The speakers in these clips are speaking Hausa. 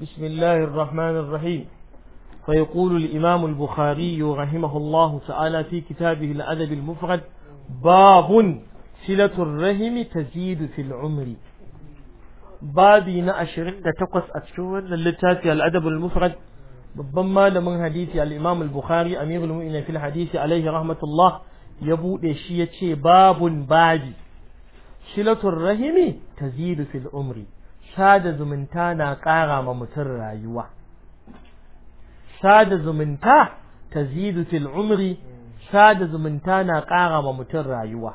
بسم الله الرحمن الرحيم فيقول الإمام البخاري رحمه الله تعالى في كتابه الأدب المفرد باب صلة الرحم تزيد في العمر babi na ashirin da takwas a cikin wannan littafi al'adab al-mufrad babban malamin hadisi al-imam al-bukhari amirul mu'minin fil hadisi alaihi rahmatullah ya buɗe shi yace babun babi shilatul rahimi tazidu fil umri sada zumunta na ƙara ma mutum rayuwa sada zumunta ta fil umri sada zumunta na ƙara ma mutum rayuwa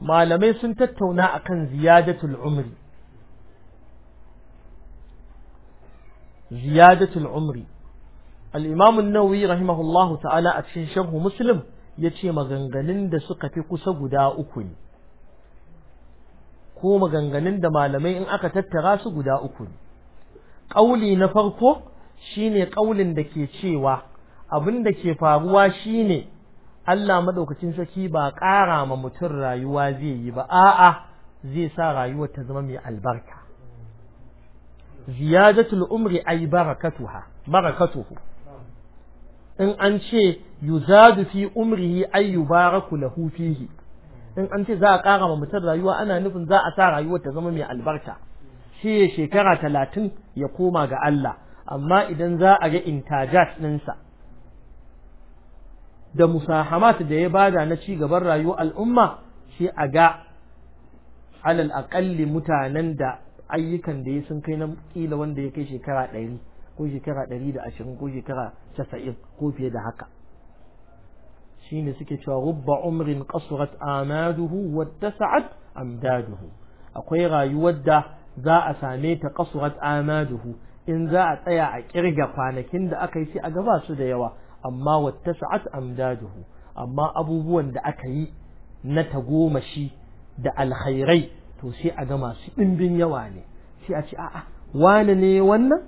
malamai sun tattauna akan ziyadatul umri ziyadatul umri al-imam nawawi rahimahullahu ta'ala a cikin sharh muslim yace maganganun da suka fi kusa guda uku ne ko maganganun da malamai in aka tattara su guda uku ne. ƙauli na farko shine ƙaulin da ke cewa abin da ke faruwa shine Allah maɗaukacin saki ba ƙara ma mutum rayuwa zai yi ba a'a zai sa rayuwar ta zama mai albarka ziyadatul umri ay barakatuha barakatuhu in an ce yuzadu fi umrihi ay yubaraku lahu fihi in an ce za a ƙara ma mutum rayuwa ana nufin za a sa rayuwar ta zama mai albarka shi ya shekara talatin ya koma ga Allah amma idan za a ga intajat ɗinsa da musahamat da ya bada na ci gaban rayuwar al'umma shi a ga alal aƙalli mutanen da ayyukan da ya sun kai na kila wanda ya kai shekara ɗari ko shekara ɗari da ashirin ko shekara casa'in ko fiye da haka shine suke cewa rubba umrin qasrat amaduhu wattasa'at amdaduhu akwai rayuwar da za a same ta qasrat amaduhu in za a tsaya a kirga kwanakin da aka yi shi a gaba su da yawa amma wattasa'at amdaduhu amma abubuwan da aka yi na tagomashi da alkhairai to sai a ga masu ɗimbin yawa ne sai a ce a'a wane ne wannan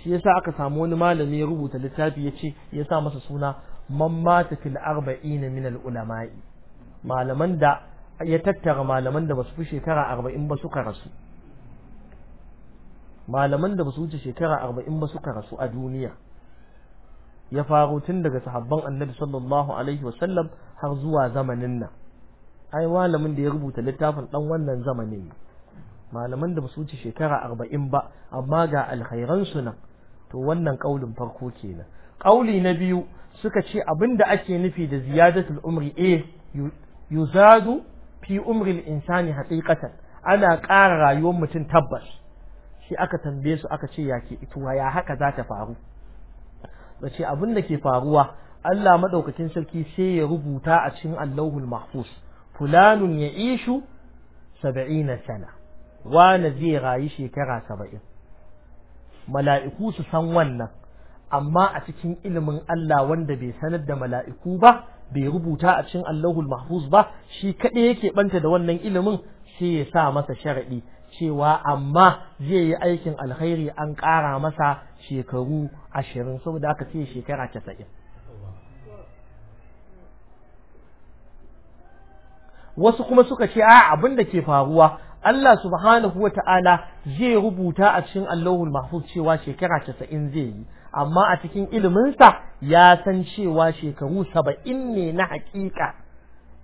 shi yasa aka samu wani malami ya rubuta littafi ya ce ya sa masa suna man mata fil arba'in min al ulama'i malaman da ya tattara malaman da basu fi shekara arba'in ba suka rasu malaman da basu wuce shekara arba'in ba suka rasu a duniya ya faro tun daga sahabban annabi sallallahu alaihi wasallam har zuwa zamanin nan ai malamin da ya rubuta littafin dan wannan zamanin malaman da basu wuce shekara arba'in ba amma ga alkhairan su nan to wannan kaulin farko kenan ƙauli na biyu suka ce abin da ake nufi da ziyadatul umri eh yuzadu fi umril insani haƙiƙatan ana ƙara rayuwar mutum tabbas shi aka tambaye su aka ce ya ke ituwa ya haka za ta faru da ce abin da ke faruwa Allah madaukakin sarki sai ya rubuta a cikin Allahul Mahfuz fulanun ya ishu 70 sana wani zai rayu shekara saba'in? mala'iku su san wannan amma a cikin ilimin Allah wanda bai sanar da mala'iku ba bai rubuta a cikin Allahul Mahfuz ba shi kaɗai yake ɓanta da wannan ilimin sai ya sa masa sharaɗi cewa amma zai yi aikin alkhairi an ƙara masa shekaru ashirin saboda aka ce shekara casa'in wasu kuma suka ce a abin da ke faruwa Allah subhanahu wa ta'ala zai rubuta a cikin Allahul Mahfuz cewa shekara casa'in zai yi, amma a cikin iliminsa ya san cewa shekaru saba'in ne na haƙiƙa.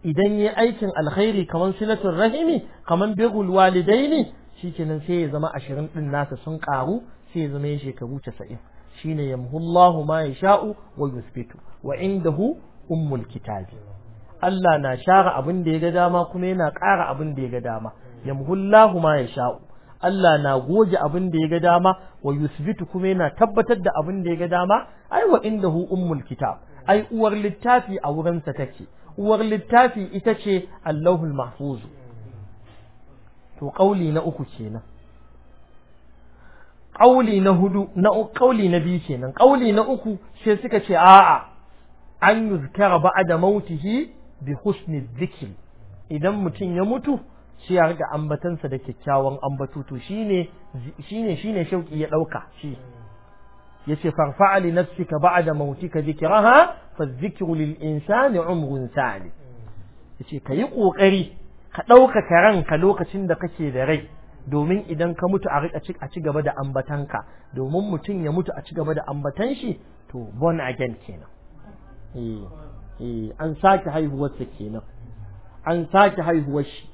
Idan ya aikin alkhairi kamar silatun rahimi, kamar walidai ne, shi kenan sai ya zama ashirin ɗin nasa sun ƙaru sai ya zama ya shekaru casa'in. Shi ne yamhullahu ma ya sha'u wa yusbitu wa indahu ummul kitabi. Allah na share abin da ya ga dama kuma yana ƙara abin da ya ga dama. yamhullahu ma sha'u. Allah na goge abin da ya ga dama wa yusbitu kuma yana tabbatar da abin da ya ga dama ai wa indahu ummul kitab ai uwar littafi a wurinsa take uwar littafi ita ce Allahul mahfuz to kauli na uku kenan kauli na hudu na kauli na biyu kenan kauli na uku sai suka ce a'a an yuzkara ba'da mautihi bi husni dhikr idan mutum ya mutu shi ya riga ambatansa da kyakkyawan ambatutu to shine shine shine shauki ya dauka shi yace farfa'a li nafsika ba'da mautika zikraha fa dhikru lil insani umrun sali yace kai kokari ka dauka ka lokacin da kake da rai domin idan ka mutu a riga a ci gaba da ambatanka domin mutum ya mutu a ci gaba da ambatan shi to born again kenan eh eh an sake sa kenan an sake haihuwar shi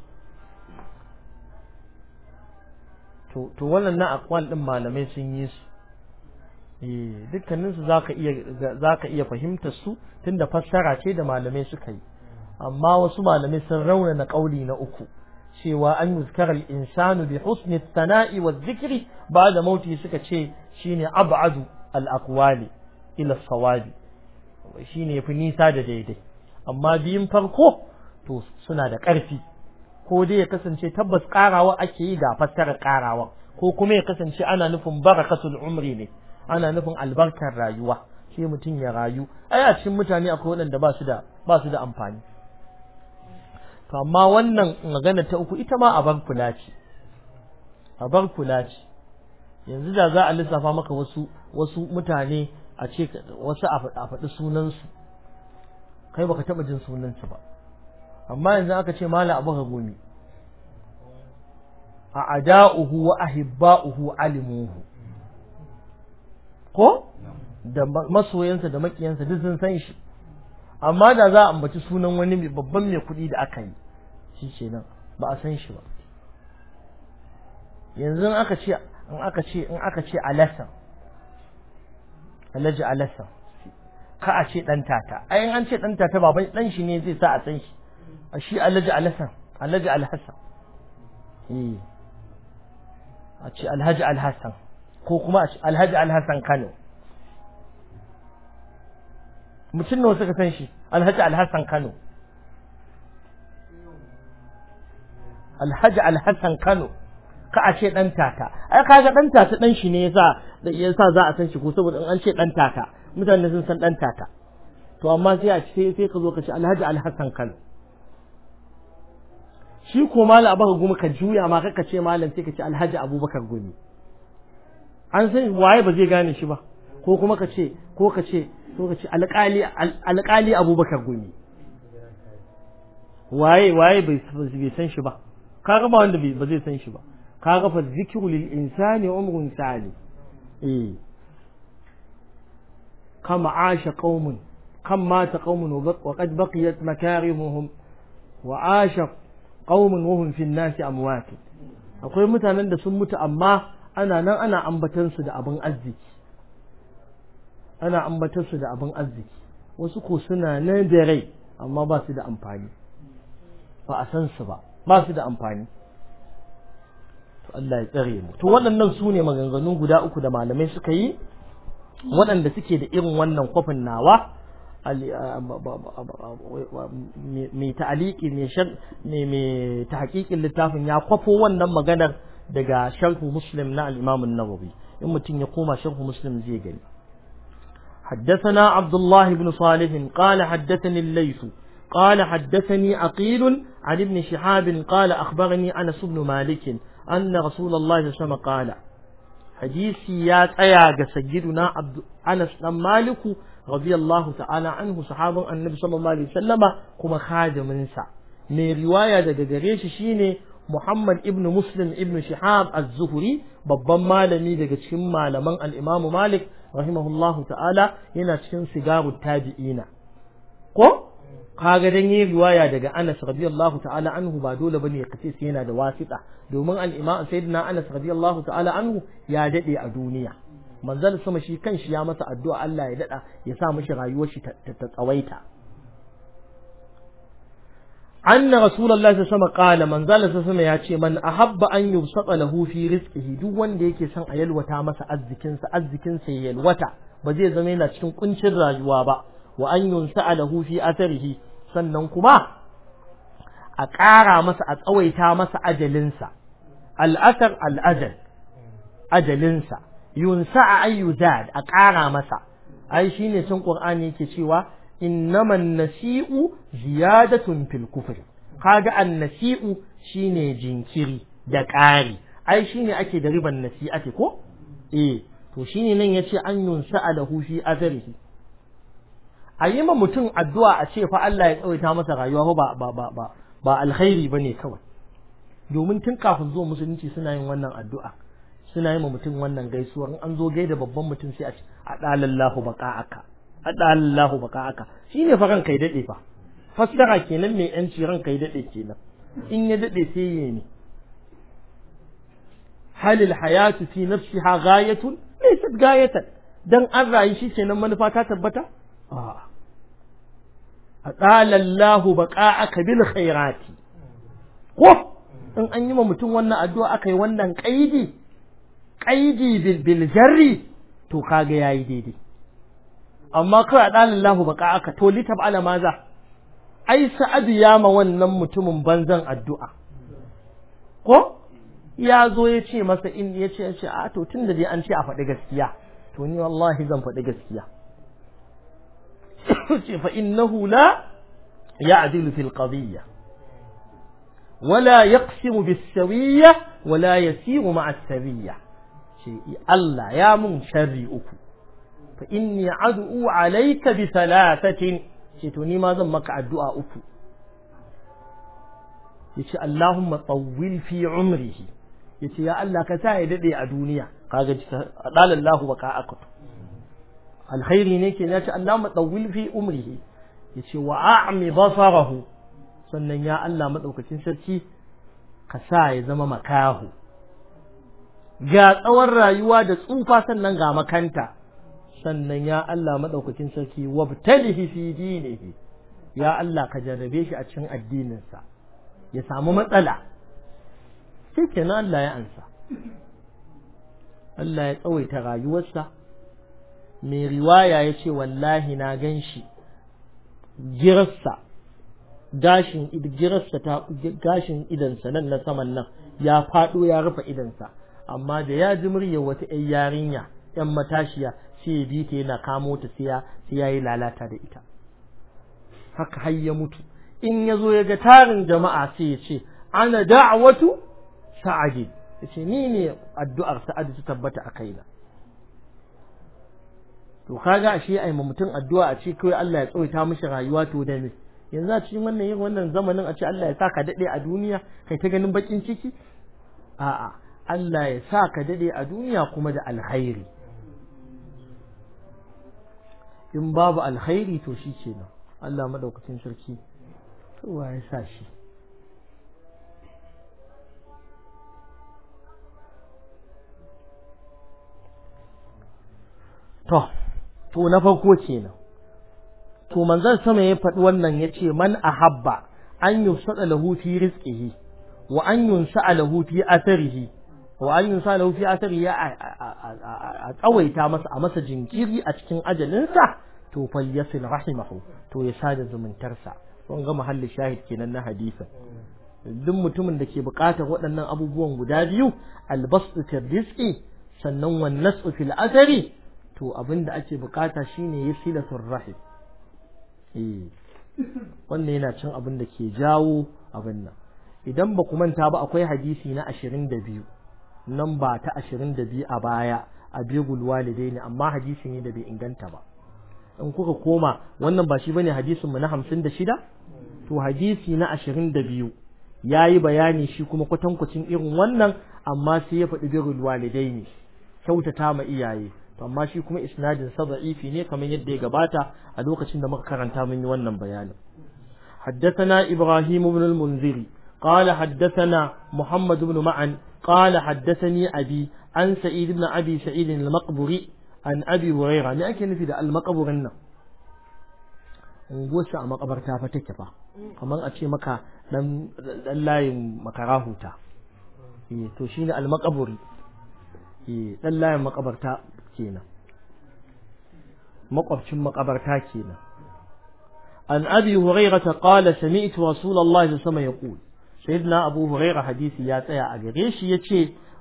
to to wannan na aqwal din malamai sun yi su eh dukkanin su zaka iya zaka iya fahimtar su tunda fassara ce da malamai suka yi amma wasu malamai sun rauna na kauli na uku cewa an yuzkar al-insanu bi husni tana'i wa wadh ba ba'da mauti suka ce shine ab'adu al-aqwali ila sawabi shine yafi nisa da daidai amma biyun farko to suna da ƙarfi ko dai ya kasance tabbas karawa ake yi ga fassara karawa ko kuma ya kasance ana nufin barakatul umri ne ana nufin albarkar rayuwa sai mutum ya rayu ai a cikin mutane akwai waɗanda ba su da ba su da amfani to amma wannan magana ta uku ita ma a bar kula ce a bar kula ce yanzu da za a lissafa maka wasu wasu mutane a ce wasu a faɗi sunansu kai baka taɓa jin sunansu ba amma yanzu aka ce mala abu ga gumi a ada'uhu wa ahibba'uhu alimuhu ko da masoyansa da makiyansa duk sun san shi amma da za a ambaci sunan wani babban mai kuɗi da aka yi shi ce nan ba a san shi ba yanzu in aka ce in aka ce in aka ce alasa alaji alasa ka a ce dan tata ai an ce dan tata baban dan shi ne zai sa a san shi a shi alhaji alhassan alhaji alhassan eh. a ce alhaji alhassan ko kuma a ce alhaji alhassan kano mutum nawa suka san shi alhaji alhassan kano alhaji alhassan kano ka a ce dan tata ai kaga dan tata dan shi ne yasa yasa za a san shi ko saboda an ce dan tata mutane sun san dan tata to amma sai a ce sai ka zo ka ce alhaji alhassan kano shi ko mallam abaka gumi ka juya ma kaka ce malam sai ka ce alhaji abubakar gumi an san waye ba zai gane shi ba ko kuma ka ce ko ka ce ko ka ce alƙali alƙali abubakar gumi waye waye bai san shi ba ka ga ba wanda ba zai san shi ba ka ga fa zikru lil insani umrun sali eh kama asha qaumun kama ta qaumun wa qad baqiyat makarimuhum wa asha qaumun wa hum nasi amwat akwai mutanen da sun mutu amma ana nan ana ambatan su da abin arziki ana ambatan su da abin arziki wasu ko suna nan da rai amma ba su da amfani ba a san su ba ba su da amfani to Allah ya tsare mu to waɗannan su ne maganganun guda uku da malamai suka yi waɗanda suke da irin wannan kwafin nawa mai ta'aliki mai tahqiqin littafin ya kwafo wannan maganar daga sharh muslim na al-imam an-nawawi in mutun ya koma sharh muslim zai gani حدثنا عبد الله بن صالح قال حدثني الليث قال حدثني عقيل عن ابن شهاب قال أخبرني أنس بن مالك أن رسول الله صلى الله عليه وسلم قال hadisi ya tsaya ga sayyiduna Anas dan Maliku radiyallahu ta'ala anhu sahabban annabi sallallahu alaihi wasallama kuma khadimin sa mai riwaya daga gare shi shine Muhammad ibn Muslim ibn Shihab az-Zuhri babban malami daga cikin malaman al-Imam Malik rahimahullahu ta'ala yana cikin sigarut tabi'ina ko kaga dan yayi riwaya daga Anas radiyallahu ta'ala anhu ba dole bane ka sai yana da wasita domin al-Imam Sayyidina Anas radiyallahu ta'ala anhu ya dade a duniya manzal sama shi kanshi ya masa addu'a Allah ya dada ya sa mishi rayuwar shi ta tsawaita anna rasulullahi sallallahu alaihi wasallam qala manzal sallallahu ya ce man ahabba an yusqa lahu fi rizqihi duk wanda yake son a yalwata masa arzikin sa arzikin sa ya yalwata ba zai zama yana cikin kuncin rayuwa ba wa an yunsa lahu fi atharihi sannan kuma a ƙara masa a tsawaita masa ajalinsa al'asar al'ajal ajalinsa yunsa a ayyuzad a ƙara masa ai shine can ƙur'ani yake cewa innaman nasi'u ziyadatun fil kufri kaga nasi'u shine jinkiri da ƙari ai shine ake da riban nasi'ati ko eh to shine nan yace an yunsa lahu fi azrihi a yi ma mutum addu'a a ce fa Allah ya tsawaita masa rayuwa ba ba ba ba ba alkhairi bane kawai domin tun kafin zuwa musulunci suna yin wannan addu'a suna yi ma mutum wannan gaisuwar an zo gaida babban mutum sai a ce adalallahu baqa'aka adalallahu baqa'aka shine fa ranka ya dade fa fasdara kenan mai yanci ranka ya dade kenan in ya dade sai yi ne halil hayatu fi nafsiha ghayatun laysat ghayatan dan an rayu shi kenan manufa ta tabbata a'a atalallahu aka bil khairati ko in an yi ma mutum wannan addu'a aka yi wannan kaidi kaidi bil jarri to kaga yayi daidai amma kai atalallahu baqa'aka to litab ala maza ai sa'adu ya ma wannan mutumin banzan addu'a ko ya zo ya ce masa in ya ce a to tun da dai an ce a faɗi gaskiya to ni wallahi zan faɗi gaskiya فإنه لا يعدل في القضية ولا يقسم بالسوية ولا يسير مع السوية الله يا من شرئك فإني عدؤ عليك بثلاثة شيتوني ما ذمك الدعاء أكو yace Allahumma tawwil fi umrihi yace ya Allah ka sa ya dade a duniya alkhairi ne ke ya ce Allah maɗawil fi umrihi ya ce wa a'mi basarahu sannan ya Allah maɗaukacin sarki ka sa ya zama makahu ga tsawon rayuwa da tsufa sannan ga makanta sannan ya Allah maɗaukacin sarki wabtalihi fi dinihi ya Allah ka jarrabe shi a cikin addininsa ya samu matsala sai kenan Allah ya ansa Allah ya tsawaita rayuwarsa mai riwaya ya ce wallahi na gan shi girarsa gashin idansa nan na saman nan ya faɗo ya rufe idansa amma da ya ji muryar wata 'yan yarinya 'yan matashiya sai ya bi ta yana kamo ta sai ya yi lalata da ita haka har ya mutu in ya zo ya ga tarin jama'a sai ya ce ana da'awatu sa'adi ya ce ni ne addu'ar sa'adi ta tabbata a kaina to kaga ashe ai ma mutum addu'a a ce kawai Allah ya tsawaita mishi rayuwa to da me yanzu a cikin wannan yin wannan zamanin a ce Allah ya sa ka dade a duniya kai ta ganin bakin ciki a'a Allah ya sa ka daɗe a duniya kuma da alkhairi in babu alkhairi to shi ce kenan Allah maɗaukacin sarki to ya sa shi to to na farko kenan to manzon sama ya faɗi wannan yace man a an yusada lahu lahufi ya wa an yunsa lahu lahufi atharihi wa an a tsawaita masa a masa jinkiri a cikin ajalinsa to falyasil rahimahu to ya sada zumuntarsa kun ga mahallin shahid kenan na hadisa duk mutumin da ke buƙatar waɗannan abubuwan guda biyu albasu fi sannan wannan nasu fil asari. to abin da ake bukata shine ya yi silatul rahim eh. wannan yana cin abin da ke jawo abin nan idan ba ku manta ba akwai hadisi na ashirin da biyu nan ba ta ashirin da biyu a baya a begul walidai ne amma hadisi ne da bai inganta ba in kuka koma wannan ba shi bane hadisin mu na hamsin da shida to hadisi na ashirin da biyu ya yi bayani shi kuma kwatankwacin irin wannan amma sai ya faɗi begul walidai ne kyautata ma iyaye to amma shi kuma isnadin sa da'ifi ne kamar yadda ya gabata a lokacin da muka karanta mun yi wannan bayanin حدثنا إبراهيم بن المنذر قال حدثنا محمد بن معن قال حدثني أبي عن سعيد بن أبي سعيد المقبري عن أبي nufi da al في nan. المقبرنا unguwarsu a makabarta fa take fa kamar a ce maka dan layin makarahuta eh, to shine almakaburi eh dan layin makabarta kenan makwabcin makabarta kenan an abi hurairah ta qala sami'tu rasulullahi sallallahu alaihi wasallam yaqul sayyidina abu hurairah hadisi ya tsaya a gare shi yace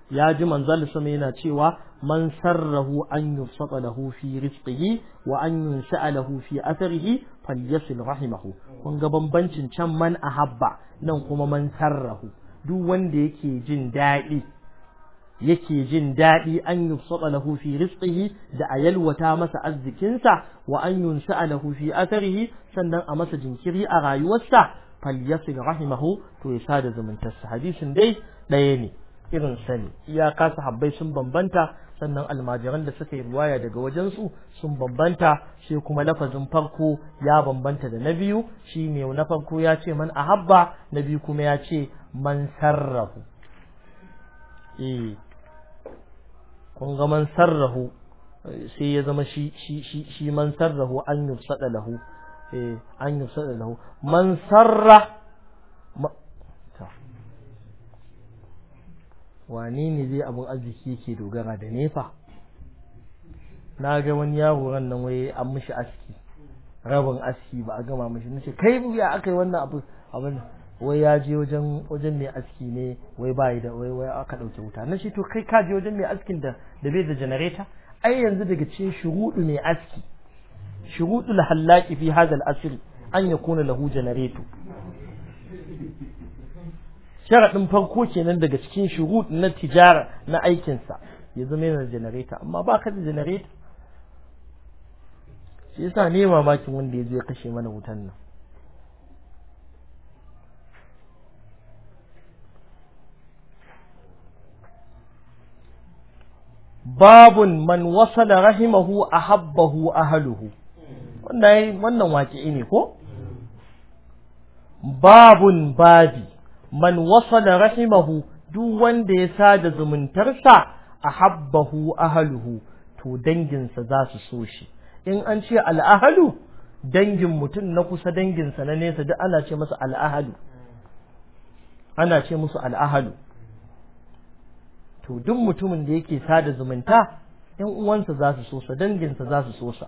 ya ji manzal sama yana cewa man sarrahu an yusata lahu fi rizqihi wa an yunsa'a lahu fi atharihi falyasil rahimahu kun ga bambancin can man ahabba nan kuma man sarrahu duk wanda yake jin daɗi yake jin daɗi an yubsata lahu fi rizqihi da a yalwata masa arzikinsa wa an yunsa lahu fi atharihi sannan a masa jinkiri a rayuwarsa falyasil rahimahu to ya sada zumuntarsa hadisin dai ɗaya ne irin sani iyaka sahabbai sun bambanta sannan almajiran da suka yi riwaya daga wajensu sun bambanta sai kuma lafazin farko ya bambanta da na biyu shi ne na farko ya ce man ahabba na biyu kuma ya ce man sarrafu eh kun ga man sarrahu sai ya zama shi shi shi man sarrahu an yusada lahu eh an yusada lahu man sarra wani ne zai abun arziki yake dogara da nefa na ga wani yaro ran nan waye an mishi aski rabin aski ba a gama mishi nace kai buya akai wannan abu abin wai ya je wajen wajen mai aski ne wai bai da wai wai aka dauke wuta na shi to kai ka je wajen mai askin da da bai da generator ai yanzu daga cikin shurudu mai aski shurudu lahallaki fi hadal asr an yakuna lahu generator sharadin farko kenan daga cikin shurud na tijara na aikin sa ya zama yana da generator amma ba ka da generator shi yasa ne mamakin wanda ya zo kashe mana wutan nan babun man wasala rahimahu a habbahu a haluhu. wannan waƙi ne ko babun babi man wasala rahimahu duk wanda ya sa da zumuntarsa a habbahu a haluhu to danginsa za su so shi in an ce al'ahalu dangin mutum na kusa danginsa na nesa duk ana ce masa al'ahalu ana ce musu al'ahalu to duk mutumin da yake sada zumunta yan uwansa za su so sa danginsa za su so sa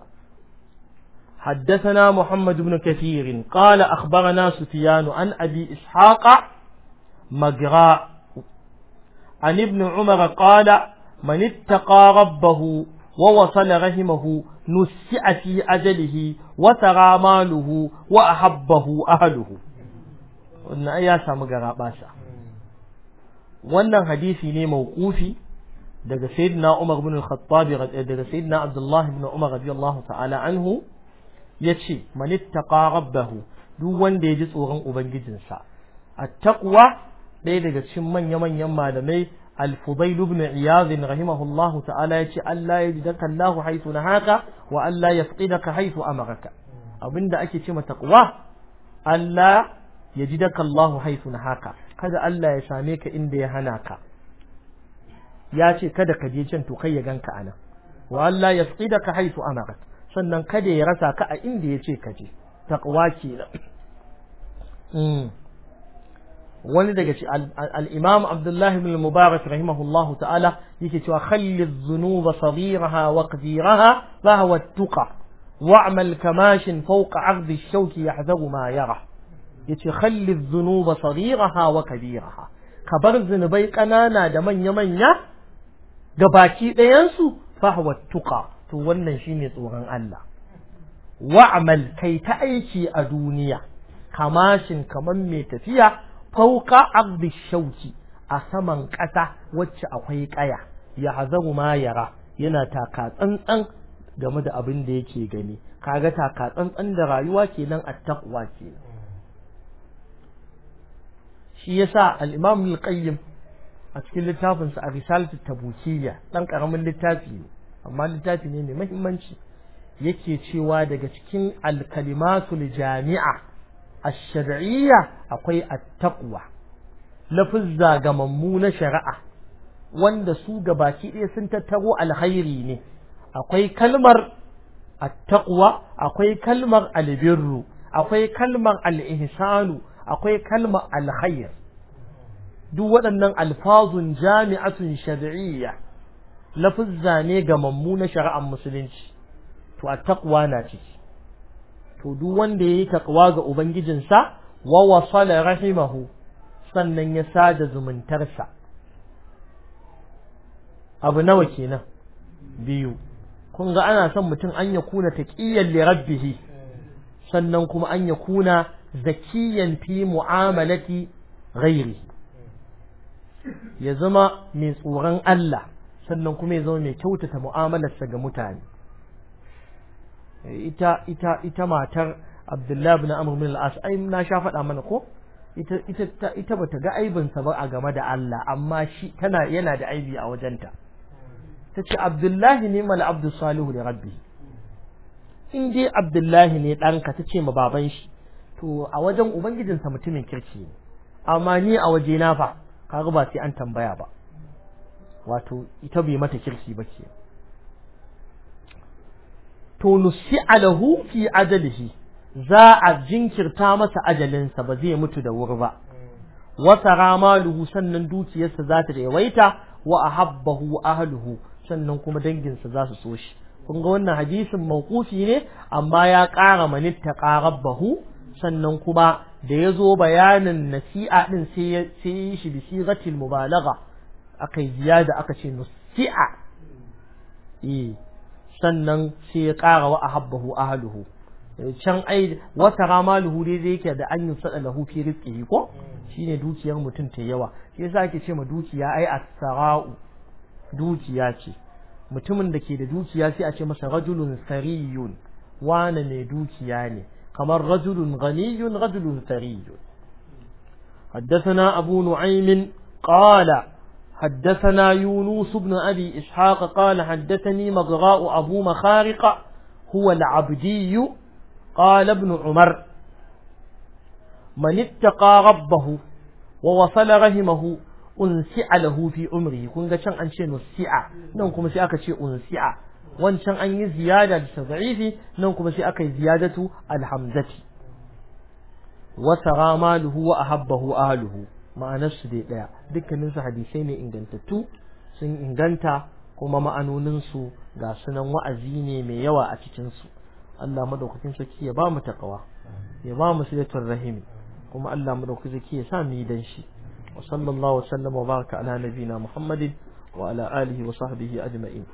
حدثنا محمد بن كثير قال أخبرنا سفيان عن أبي إسحاق مجراء عن ابن عمر قال من اتقى ربه ووصل رحمه نسع في أجله وترى ماله وأحبه أهله قلنا يا سامجراء باشا wannan hadisi ne mawqufi daga sayyidina Umar ibn al-Khattab daga sayyidina Abdullah ibn Umar radiyallahu ta'ala anhu yace man ittaqa rabbahu duk wanda ya ji tsoron ubangijinsa A taqwa ɗaya daga cikin manya-manyan malamai al-Fudail ibn Iyaz rahimahullahu ta'ala yace Allah ya jidaka Allah haythu nahaka wa Allah yafqidaka haythu amaraka abinda ake ce ma taqwa Allah ya ji jidaka haisu na haka. kada Allah ya same ka inda ya hana ka ya ce kada ka je can to kai ya ganka anan wa Allah ya tsida ka haifu amarat sannan kada ya rasa ka a inda ya ce ka je taqwa mm wani daga ci al-Imam Abdullah ibn al Mubarak rahimahullahu ta'ala yake cewa khalli dhunuba saghiraha wa kabiraha fa huwa at-tuqa wa'mal kamashin fawqa 'aqdi ash-shawki yahzabu ma yara yace khalli dhunuba sagiraha wa kabiraha ka bar zunubai kanana da manya manya ga baki ɗayansu. su fahwa tuqa to wannan shine tsoron Allah wa'mal kai ta aiki a duniya kamashin kaman mai tafiya fauka abdi shauki a saman ƙasa wacce akwai ƙaya ya hazaru ma yara yana taka tsantsan game da abin da yake gani kaga taka tsantsan da rayuwa kenan attaqwa kenan shi yasa al-imam al a cikin littafinsa a risalatu tabukiyya dan karamin littafi ne amma littafi ne mai muhimmanci yake cewa daga cikin al-kalimatul jami'a ash-shar'iyya akwai at-taqwa lafizza ga mammu na shari'a wanda su baki ɗaya sun tattaro alkhairi ne akwai kalmar at-taqwa akwai kalmar albirru, akwai kalmar al-ihsanu akwai kalma alkhair duk waɗannan alfazun jami'atun shar'iyya lafizza ne ga na shari'ar musulunci to a taqwa na ciki to duk wanda yayi taqwa ga ubangijinsa wa wasala rahimahu sannan ya sada zumuntarsa abu nawa kenan biyu kun ga ana son mutum an ya kuna taqiyyan li rabbihi sannan kuma an ya kuna zakiyan fi mu'amalati rairi. ya zama mai tsoron Allah sannan kuma ya zama mai kyautata mu'amalarsa ga mutane ita ita ita matar Abdullahi bin Amr al-As ai na sha faɗa mana ko ita ita ita bata ga aibin sa ba a game da Allah amma shi tana yana da aibi a wajenta tace Abdullahi ne mal abdu salihu da rabbi in dai Abdullahi ne danka tace ma baban shi to a wajen ubangijinsa mutumin kirki ne amma ni a waje na fa kaga ba sai an tambaya ba wato ita bai mata kirki ba ke to nusi alahu fi ajalihi za a jinkirta masa ajalinsa ba zai mutu da wuri ba wata ramaluhu sannan dukiyarsa za ta yawaita wa ahabbahu ahluhu sannan kuma danginsa za su so shi kun ga wannan hadisin mawqufi ne amma ya ƙara manitta bahu. sannan kuma da ya zo bayanin nasi'a ɗin sai ya yi shi bi sigatil mubalagha akai da aka ce nasi'a eh sannan sai ya ƙara wa ahabbahu ahluhu eh, can ai wata luhu dai zai yake da an yi sada lahu fi rizqihi ko shine dukiyar mutum ta yawa shi yasa ake ce ma dukiya ai as dukiya ce mutumin da ke da dukiya sai a ce masa rajulun sariyun wane mai dukiya ne كمان رجل غني رجل ثري حدثنا أبو نعيم قال حدثنا يونس بن أبي إسحاق قال حدثني مضغاء أبو مخارق هو العبدي قال ابن عمر من اتقى ربه ووصل رحمه أنسع له في عمره كنت ga can an ce nusi'a nan kuma wancan an yi ziyada bisa za'ifi nan kuma sai aka yi ziyadatu alhamzati wa sara maluhu wa ahabbahu ahluhu ma'anar su dai daya dukkanin su hadisai ne ingantattu sun inganta kuma ma'anonin su ga sunan wa'azi ne mai yawa a cikin su Allah madaukakin sarki ya ba mu takawa ya ba mu silatul rahimi kuma Allah madaukakin sarki ya sa mu yi dan shi wa sallallahu wa sallama wa baraka ala nabina muhammadin wa ala alihi wa sahbihi ajma'in